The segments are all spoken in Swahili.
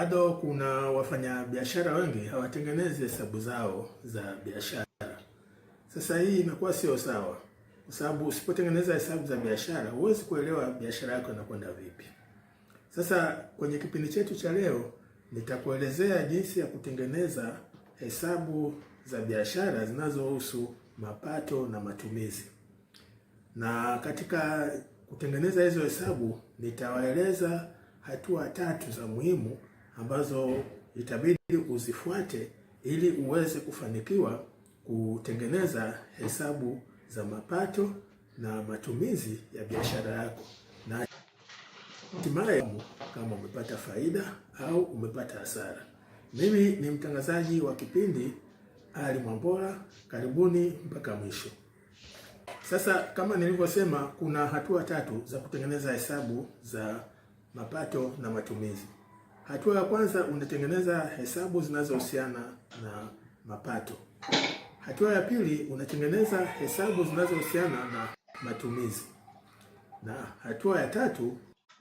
bado kuna wafanyabiashara wengi hawatengenezi hesabu zao za biashara. Sasa hii imekuwa sio sawa, kwa sababu usipotengeneza hesabu za biashara huwezi kuelewa biashara yako inakwenda vipi. Sasa kwenye kipindi chetu cha leo nitakuelezea jinsi ya kutengeneza hesabu za biashara zinazohusu mapato na matumizi, na katika kutengeneza hizo hesabu nitawaeleza hatua tatu za muhimu ambazo itabidi uzifuate ili uweze kufanikiwa kutengeneza hesabu za mapato na matumizi ya biashara yako na hatimaye kama umepata faida au umepata hasara. Mimi ni mtangazaji wa kipindi Ali Mwambola, karibuni mpaka mwisho. Sasa kama nilivyosema, kuna hatua tatu za kutengeneza hesabu za mapato na matumizi. Hatua ya kwanza unatengeneza hesabu zinazohusiana na mapato. Hatua ya pili unatengeneza hesabu zinazohusiana na matumizi, na hatua ya tatu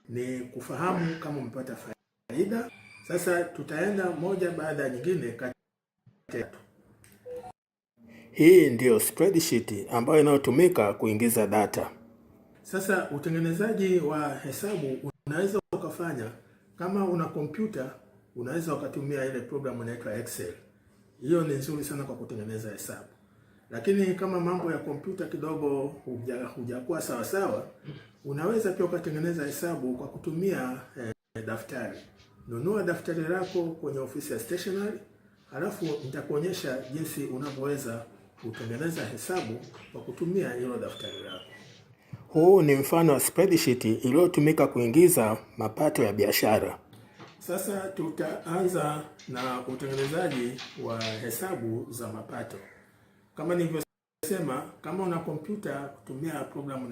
ni kufahamu kama umepata faida. Sasa tutaenda moja baada ya nyingine kati hii ndiyo spreadsheet ambayo inayotumika kuingiza data. Sasa utengenezaji wa hesabu unaweza ukafanya kama una kompyuta unaweza ukatumia ile program inaitwa Excel. Hiyo ni nzuri sana kwa kutengeneza hesabu, lakini kama mambo ya kompyuta kidogo hujakuwa sawa sawa, unaweza pia ukatengeneza hesabu kwa kutumia eh, daftari. Nunua daftari lako kwenye ofisi ya stationery, halafu nitakuonyesha jinsi unavyoweza kutengeneza hesabu kwa kutumia hilo daftari lako. Huu ni mfano wa spreadsheet iliyotumika kuingiza mapato ya biashara. Sasa tutaanza na utengenezaji wa hesabu za mapato. Kama nilivyosema, kama una kompyuta kutumia programu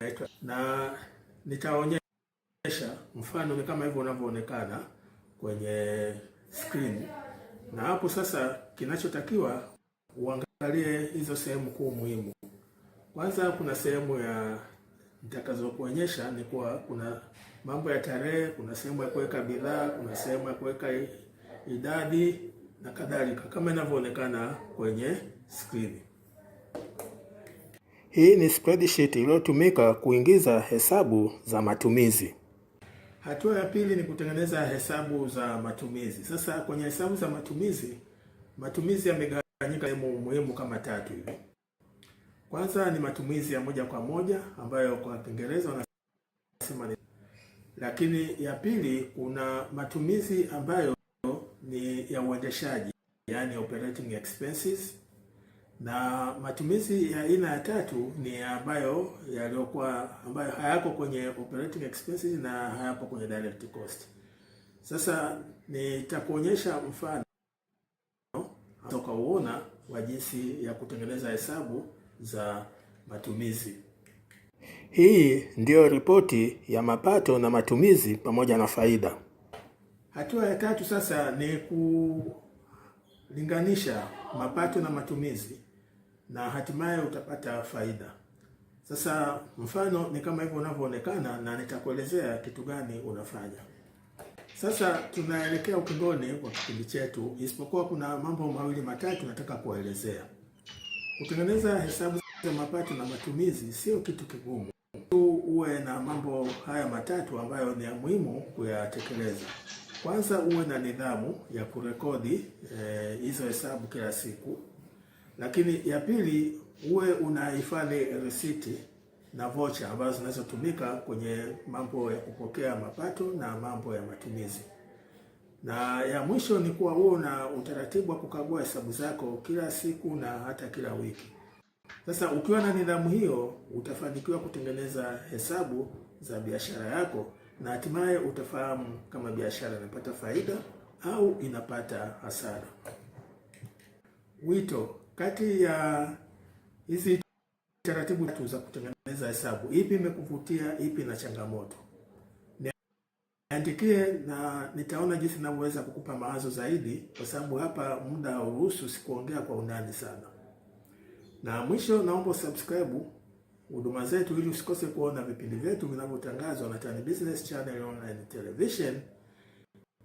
inaitwa na nitaonyesha mfano ni kama hivyo unavyoonekana kwenye screen. Na hapo sasa kinachotakiwa uangalie hizo sehemu kuu muhimu. Kwanza kuna sehemu ya nitakazokuonyesha ni kuwa kuna mambo ya tarehe, kuna sehemu ya kuweka bidhaa, kuna sehemu ya kuweka idadi na kadhalika, kama inavyoonekana kwenye skrini. Hii ni spreadsheet iliyotumika kuingiza hesabu za matumizi. Hatua ya pili ni kutengeneza hesabu za matumizi. Sasa kwenye hesabu za matumizi, matumizi yamegawanyika sehemu muhimu kama tatu hivi. Kwanza ni matumizi ya moja kwa moja ambayo kwa Kiingereza wanasema ni, lakini ya pili kuna matumizi ambayo ni ya uendeshaji, yani operating expenses, na matumizi ya aina ya tatu ni ambayo yaliyokuwa ambayo hayako kwenye operating expenses na hayapo kwenye direct cost. Sasa nitakuonyesha mfano uona wa jinsi ya kutengeneza hesabu za matumizi. Hii ndiyo ripoti ya mapato na matumizi pamoja na faida. Hatua ya tatu sasa ni kulinganisha mapato na matumizi na hatimaye utapata faida. Sasa mfano ni kama hivyo unavyoonekana, na nitakuelezea kitu gani unafanya. Sasa tunaelekea ukingoni kwa kipindi chetu, isipokuwa kuna mambo mawili matatu nataka kuwaelezea. Kutengeneza hesabu za mapato na matumizi sio kitu kigumu, tu uwe na mambo haya matatu ambayo ni ya muhimu kuyatekeleza. Kwanza, uwe na nidhamu ya kurekodi eh, hizo e, hesabu kila siku. Lakini ya pili, uwe unahifadhi risiti na vocha ambazo zinazotumika kwenye mambo ya kupokea mapato na mambo ya matumizi na ya mwisho ni kuwa wewe na utaratibu wa kukagua hesabu zako kila siku na hata kila wiki. Sasa ukiwa na nidhamu hiyo, utafanikiwa kutengeneza hesabu za biashara yako na hatimaye utafahamu kama biashara inapata faida au inapata hasara. Wito kati ya hizi taratibu za kutengeneza hesabu, ipi imekuvutia? Ipi na changamoto? Niandikie na nitaona jinsi ninavyoweza kukupa mawazo zaidi, kwa sababu hapa muda hauruhusu sikuongea kwa undani sana. Na mwisho, naomba subscribe huduma zetu ili usikose kuona vipindi vyetu vinavyotangazwa na Tan Business Channel Online Television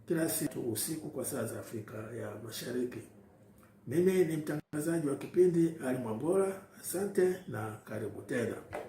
kila siku usiku kwa saa za Afrika ya Mashariki. Mimi ni mtangazaji wa kipindi Ali Mwambola. Asante na karibu tena.